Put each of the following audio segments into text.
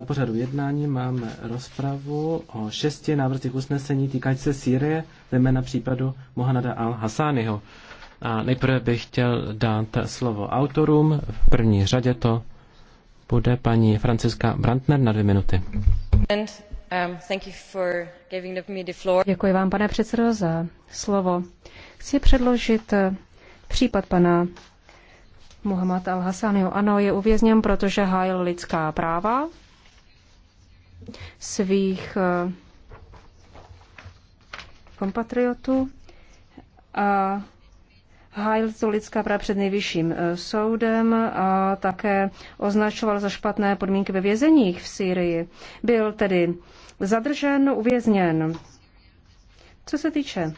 Na pořadu jednání máme rozpravu o šesti návrzích usnesení týkající se Sýrie, zejména případu Mohanada al hasányho A nejprve bych chtěl dát slovo autorům. V první řadě to bude paní Franciska Brandner na dvě minuty. Um, Děkuji vám, pane předsedo, za slovo. Chci předložit eh, případ pana Muhammad al-Hassaniho. Ano, je uvězněn, protože hájil lidská práva svých eh, kompatriotů a hájil to lidská práva před nejvyšším eh, soudem a také označoval za špatné podmínky ve vězeních v Sýrii. Byl tedy zadržen, uvězněn. Co se týče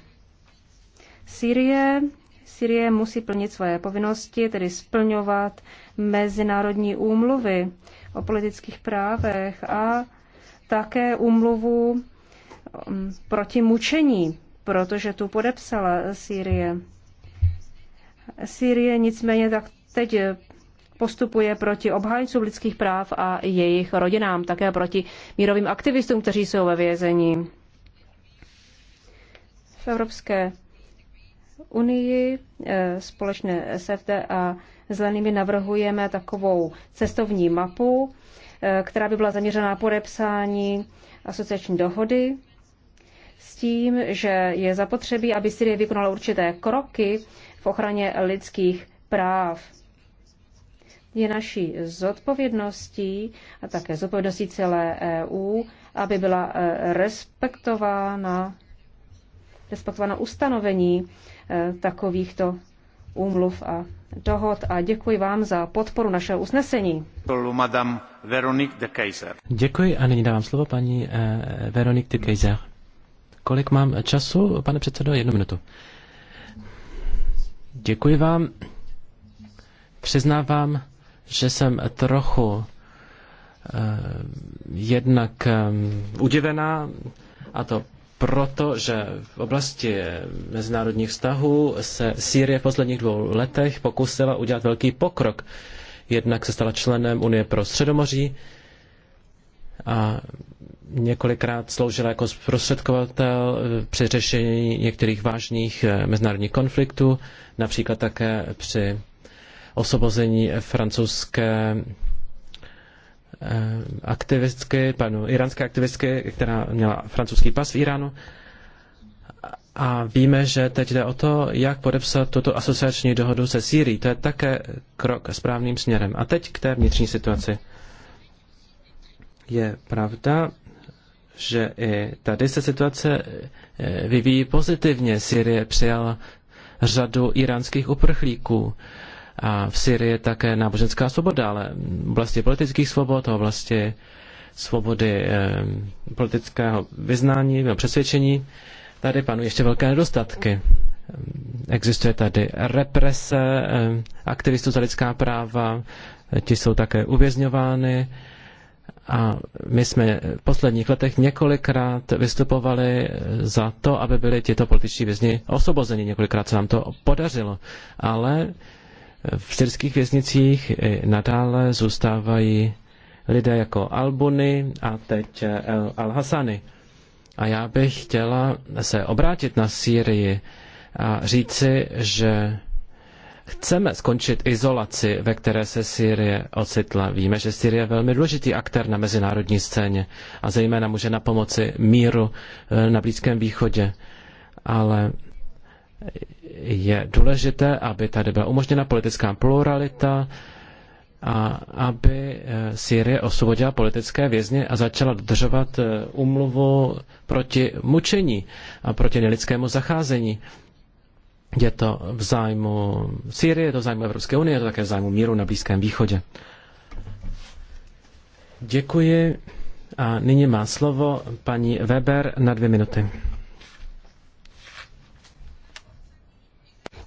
Sýrie, Sýrie musí plnit své povinnosti, tedy splňovat mezinárodní úmluvy o politických právech a také umluvu um, proti mučení, protože tu podepsala Sýrie. Sýrie nicméně tak teď postupuje proti obhájcům lidských práv a jejich rodinám, také proti mírovým aktivistům, kteří jsou ve vězení. V Evropské unii eh, společně SFD a Zelenými navrhujeme takovou cestovní mapu, Eh, která by byla zaměřena na podepsání asociační dohody s tím, že je zapotřebí, aby Syrie vykonala určité kroky v ochraně lidských práv. Je naší zodpovědností a také zodpovědností celé EU, aby byla eh, respektována, respektována ustanovení eh, takovýchto úmluv a dohod a děkuji vám za podporu našeho usnesení. Děkuji a nyní dávám slovo paní eh, Veronique de Kaiser. Kolik mám času, pane předsedo? Jednu minutu. Děkuji vám. Přiznávám, že jsem trochu eh, jednak eh, udivená, a to protože v oblasti mezinárodních vztahů se Sýrie v posledních dvou letech pokusila udělat velký pokrok. Jednak se stala členem Unie pro Středomoří a několikrát sloužila jako zprostředkovatel eh, při řešení některých vážných eh, mezinárodních konfliktů, například také při osobození francouzské Eh, aktivistky, panu iránské aktivistky, která měla francouzský pas v Iránu. A víme, že teď jde o to, jak podepsat tuto asociační dohodu se Sýrií. To je také krok správným směrem. A teď k té vnitřní situaci. Je pravda, že i tady se situace eh, vyvíjí pozitivně. Syrie přijala řadu iránských uprchlíků. A v Syrii je také náboženská svoboda, ale v oblasti politických svobod, v oblasti svobody eh, politického vyznání nebo přesvědčení, tady panují ještě velké nedostatky. Existuje tady represe eh, aktivistů za lidská práva, eh, ti jsou také uvězňovány. A my jsme v posledních letech několikrát vystupovali eh, za to, aby byli tito političtí vězni osvobozeni. Několikrát se nám to podařilo. Ale v syrských věznicích nadále zůstávají lidé jako Albuny a teď Al-Hasany. A já bych chtěla se obrátit na Sýrii a říci, že chceme skončit izolaci, ve které se Sýrie ocitla. Víme, že Sýrie je velmi důležitý aktér na mezinárodní scéně a zejména může na pomoci míru eh, na Blízkém východě. Ale je důležité, aby tady byla umožněna politická pluralita a aby eh, Sýrie osvobodila politické vězně a začala dodržovat umluvu eh, proti mučení a proti nelidskému zacházení. Je to v zájmu Sýrie, je to v zájmu Evropské unie, je to také v zájmu míru na Blízkém východě. Děkuji. A nyní má slovo paní Weber na dvě minuty.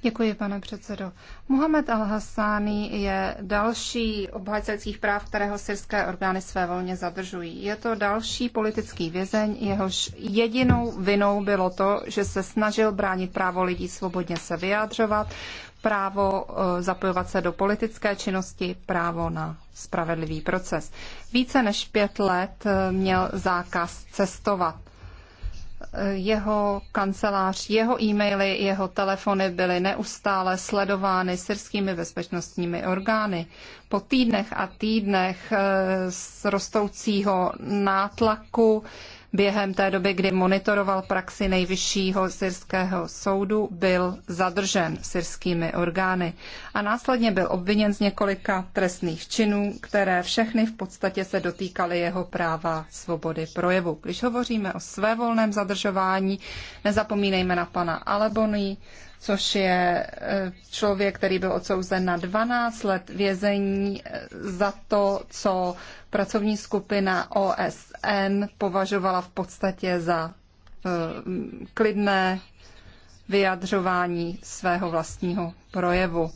Děkuji, pane předsedo. Mohamed Al-Hassani je další obhájce lidských práv, kterého syrské orgány své volně zadržují. Je to další politický vězeň, jehož jedinou vinou bylo to, že se snažil bránit právo lidí svobodně se vyjádřovat, právo e, zapojovat se do politické činnosti, právo na spravedlivý proces. Více než pět let e, měl zákaz cestovat jeho kancelář, jeho e-maily, jeho telefony byly neustále sledovány syrskými bezpečnostními orgány. Po týdnech a týdnech z eh, rostoucího nátlaku během té doby, kdy monitoroval praxi nejvyššího syrského soudu, byl zadržen syrskými orgány a následně byl obviněn z několika trestných činů, které všechny v podstatě se dotýkaly jeho práva svobody projevu. Když hovoříme o svévolném zadržování, nezapomínejme na pana Alebony, což je e, člověk, který byl odsouzen na 12 let vězení e, za to, co pracovní skupina OS OSN považovala v podstatě za eh, klidné vyjadřování svého vlastního projevu.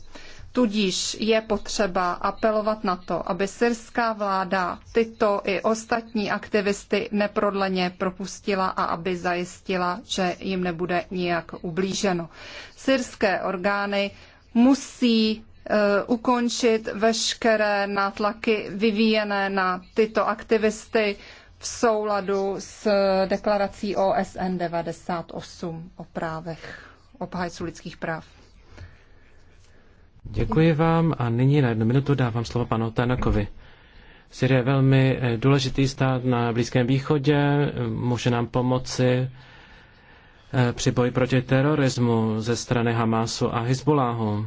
Tudíž je potřeba apelovat na to, aby syrská vláda tyto i ostatní aktivisty neprodleně propustila a aby zajistila, že jim nebude nijak ublíženo. Syrské orgány musí eh, ukončit veškeré nátlaky vyvíjené na tyto aktivisty, v souladu s deklarací OSN 98 o právech obhájců lidských práv. Děkuji vám a nyní na jednu minutu dávám slovo panu Tanakovi. Syrie je velmi eh, důležitý stát na Blízkém východě, může nám pomoci eh, při boji proti terorismu ze strany Hamasu a Hezbollahu.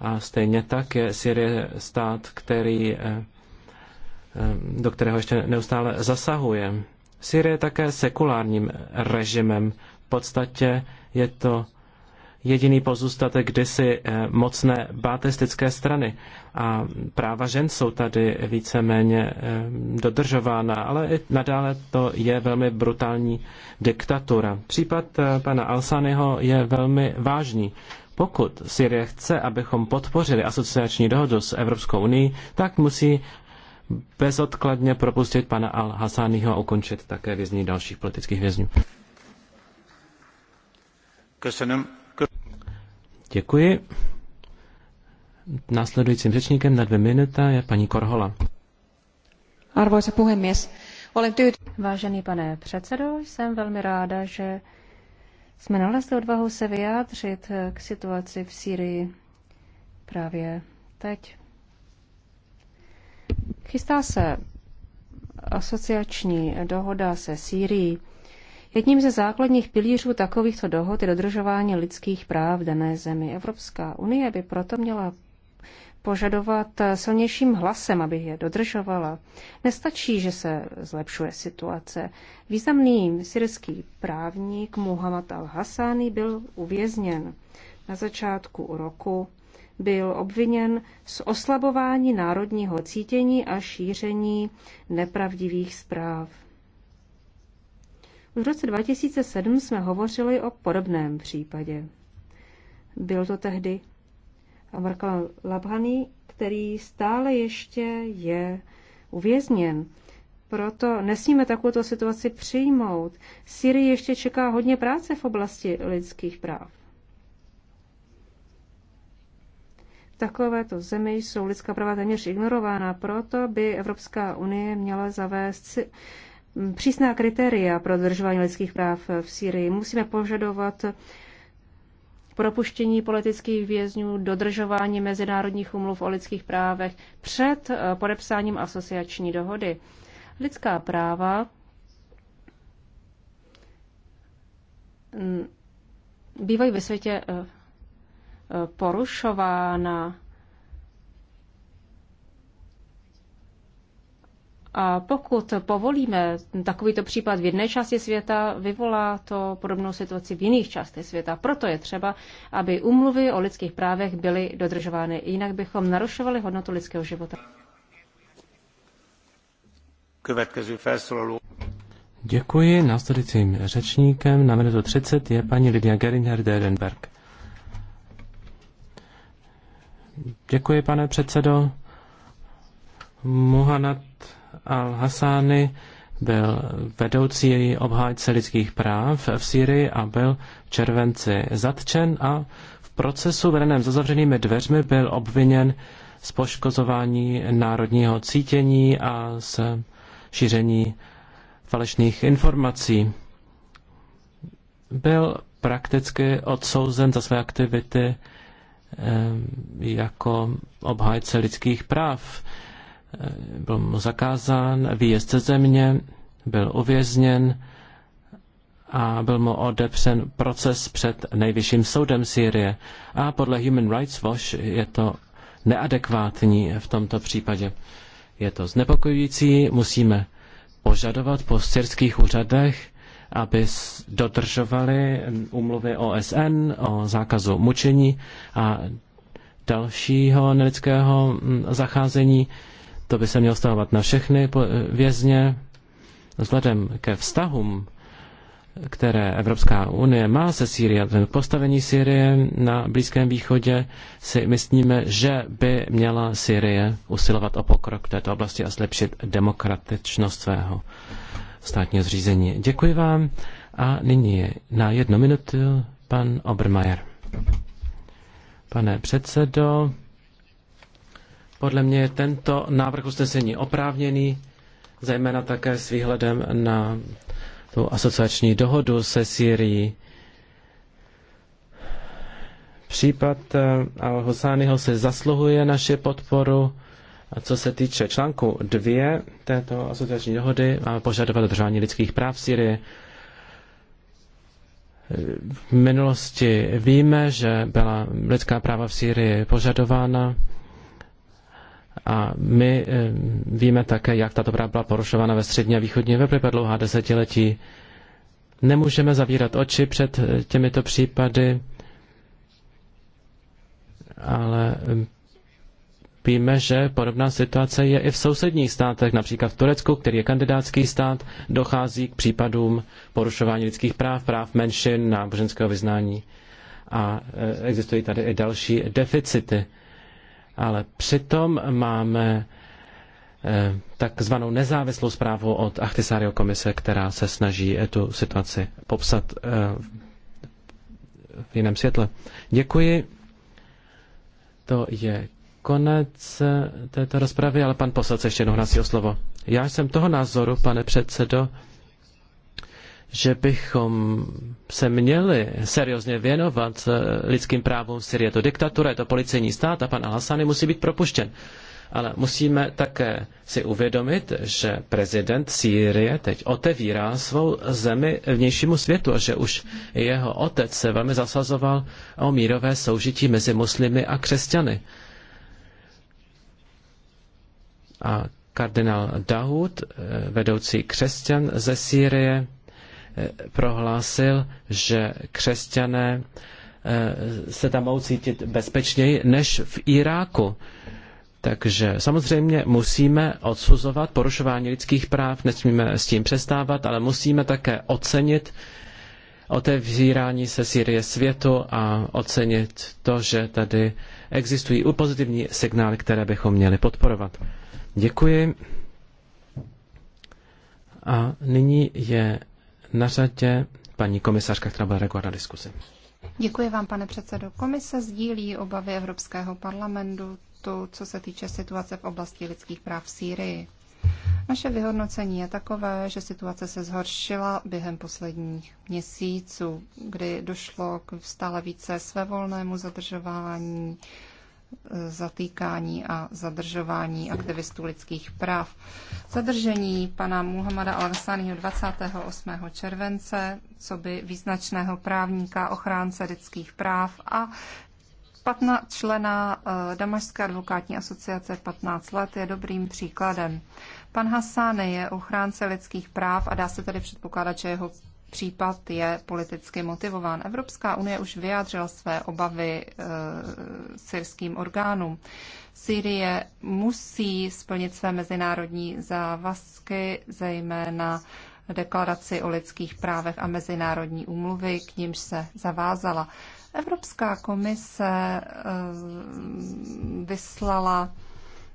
A stejně tak je Syrie stát, který eh, Eh, do kterého ještě neustále zasahuje. Syrie je také sekulárním režimem. V podstatě je to jediný pozůstatek kdysi eh, mocné bátistické strany. A práva žen jsou tady víceméně eh, dodržována, ale i nadále to je velmi brutální diktatura. Případ pana Alsanyho je velmi vážný. Pokud Syrie chce, abychom podpořili asociační dohodu s Evropskou unii, tak musí bezodkladně propustit pana al Hasaniho a ukončit také věznění dalších politických vězňů. Děkuji. Následujícím řečníkem na dvě minuta je paní Korhola. Arvoisa puhemies, olen tyyt... Vážený pane předsedo, jsem velmi ráda, že jsme nalezli odvahu se vyjádřit k situaci v Sýrii právě teď. Chystá se asociační dohoda se Sýrií. Jedním ze základních pilířů takovýchto dohod je dodržování lidských práv v dané zemi. Evropská unie by proto měla požadovat silnějším hlasem, aby je dodržovala. Nestačí, že se zlepšuje situace. Významný syrský právník Muhammad al-Hassani byl uvězněn na začátku roku byl obviněn z oslabování národního cítění a šíření nepravdivých zpráv. V roce 2007 jsme hovořili o podobném případě. Byl to tehdy Amarkal Labhany, který stále ještě je uvězněn. Proto nesmíme takovouto situaci přijmout. Syrii ještě čeká hodně práce v oblasti lidských práv. takovéto zemi jsou lidská práva téměř ignorována. Proto by Evropská unie měla zavést přísná kritéria pro dodržování lidských práv v Sýrii. Musíme požadovat propuštění politických vězňů, dodržování mezinárodních umluv o lidských právech před eh, podepsáním asociační dohody. Lidská práva bývají ve světě eh, porušována. A pokud povolíme takovýto případ v jedné části světa, vyvolá to podobnou situaci v jiných částech světa. Proto je třeba, aby umluvy o lidských právech byly dodržovány. Jinak bychom narušovali hodnotu lidského života. Děkuji. Následujícím řečníkem na minutu 30 je paní Lidia Geringer-Derenberg. Děkuji, pane předsedo. Muhanad al Hasani byl vedoucí obhájce lidských práv v Sýrii a byl v červenci zatčen a v procesu vedeném za zavřenými dveřmi byl obviněn z poškozování národního cítění a z šíření falešných informací. Byl prakticky odsouzen za své aktivity Eh, jako obhájce lidských práv. Eh, byl mu zakázán výjezd ze země, byl uvězněn a byl mu odepřen proces před nejvyšším soudem Sýrie. A podle Human Rights Watch je to neadekvátní v tomto případě. Je to znepokojující, musíme požadovat po syrských úřadech, aby dodržovali umluvy OSN o zákazu mučení a dalšího nelidského mm, zacházení. To by se mělo stahovat na všechny vězně. Vzhledem ke vztahům, které Evropská unie má se Sýrií a postavení Sýrie na Blízkém východě, si myslíme, že by měla Sýrie usilovat o pokrok v této oblasti a zlepšit demokratičnost svého státního zřízení. Děkuji vám a nyní je na jednu minutu pan Obermajer. Pane předsedo, podle mě je tento návrh usnesení oprávněný, zejména také s výhledem na tu asociační dohodu se Syrií. Případ eh, Al-Husányho se zasluhuje naše podporu a co se týče článku 2 této asociační dohody, máme požadovat dodržování lidských práv v Syrii. V minulosti víme, že byla lidská práva v Syrii požadována a my eh, víme také, jak tato práva byla porušována ve střední a východní Evropě po dlouhá desetiletí. Nemůžeme zavírat oči před těmito případy, ale Víme, že podobná situace je i v sousedních státech, například v Turecku, který je kandidátský stát, dochází k případům porušování lidských práv, práv menšin, náboženského vyznání a e, existují tady i další deficity. Ale přitom máme e, takzvanou nezávislou zprávu od Achtisario komise, která se snaží e, tu situaci popsat v jiném světle. Děkuji. To je konec eh, této rozpravy, ale pan poslanec ještě jednou hlásí o slovo. Já jsem toho názoru, pane předsedo, že bychom se měli seriózně věnovat eh, lidským právům v Syrii. Je to diktatura, je to policejní stát a pan al musí být propuštěn. Ale musíme také si uvědomit, že prezident Sýrie teď otevírá svou zemi vnějšímu světu a že už jeho otec se velmi zasazoval o mírové soužití mezi muslimy a křesťany a kardinál Dahud, eh, vedoucí křesťan ze Sýrie, eh, prohlásil, že křesťané eh, se tam mohou cítit bezpečněji než v Iráku. Takže samozřejmě musíme odsuzovat porušování lidských práv, nesmíme s tím přestávat, ale musíme také ocenit otevírání se Sýrie světu a ocenit to, že tady existují pozitivní signály, které bychom měli podporovat. Děkuji. A nyní je na řadě paní komisařka, která bude reagovat na diskusi. Děkuji vám, pane předsedo. Komise sdílí obavy Evropského parlamentu, to, co se týče situace v oblasti lidských práv v Sýrii. Naše vyhodnocení je takové, že situace se zhoršila během posledních měsíců, kdy došlo k stále více svévolnému zadržování zatýkání a zadržování aktivistů lidských práv. Zadržení pana Muhammada al 28. července, co by význačného právníka, ochránce lidských práv a 15 člena eh, Damašské advokátní asociace 15 let je dobrým příkladem. Pan Hassan je ochránce lidských práv a dá se tedy předpokládat, že jeho případ je politicky motivován. Evropská unie už vyjádřila své obavy e, syrským orgánům. Syrie musí splnit své mezinárodní závazky, zejména deklaraci o lidských právech a mezinárodní úmluvy, k nímž se zavázala. Evropská komise e, vyslala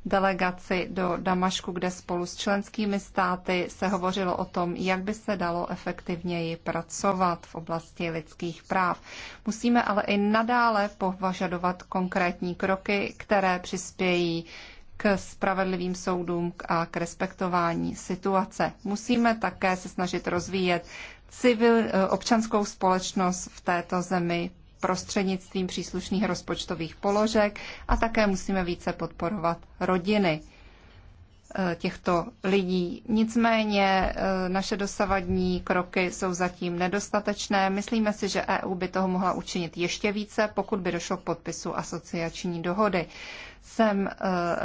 delegaci do Damašku, kde spolu s členskými státy se hovořilo o tom, jak by se dalo efektivněji pracovat v oblasti lidských práv. Musíme ale i nadále považadovat konkrétní kroky, které přispějí k spravedlivým soudům a k respektování situace. Musíme také se snažit rozvíjet civil, eh, občanskou společnost v této zemi prostřednictvím příslušných rozpočtových položek a také musíme více podporovat rodiny eh, těchto lidí. Nicméně eh, naše dosavadní kroky jsou zatím nedostatečné. Myslíme si, že EU by toho mohla učinit ještě více, pokud by došlo k podpisu asociační dohody. Jsem eh,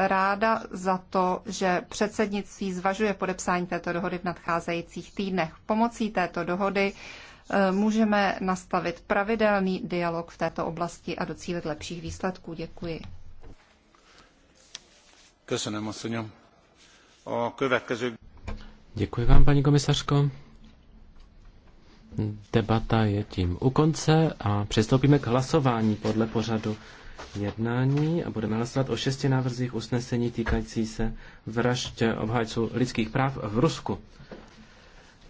ráda za to, že předsednictví zvažuje podepsání této dohody v nadcházejících týdnech. Pomocí této dohody můžeme nastavit pravidelný dialog v této oblasti a docílit lepších výsledků. Děkuji. Děkuji vám, paní komisařko. Debata je tím u konce a přistoupíme k hlasování podle pořadu jednání a budeme hlasovat o šesti návrzích usnesení týkající se vražd obhájců lidských práv v Rusku.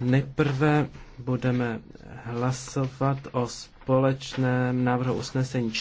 Nejprve budeme hlasovat o společném návrhu usnesení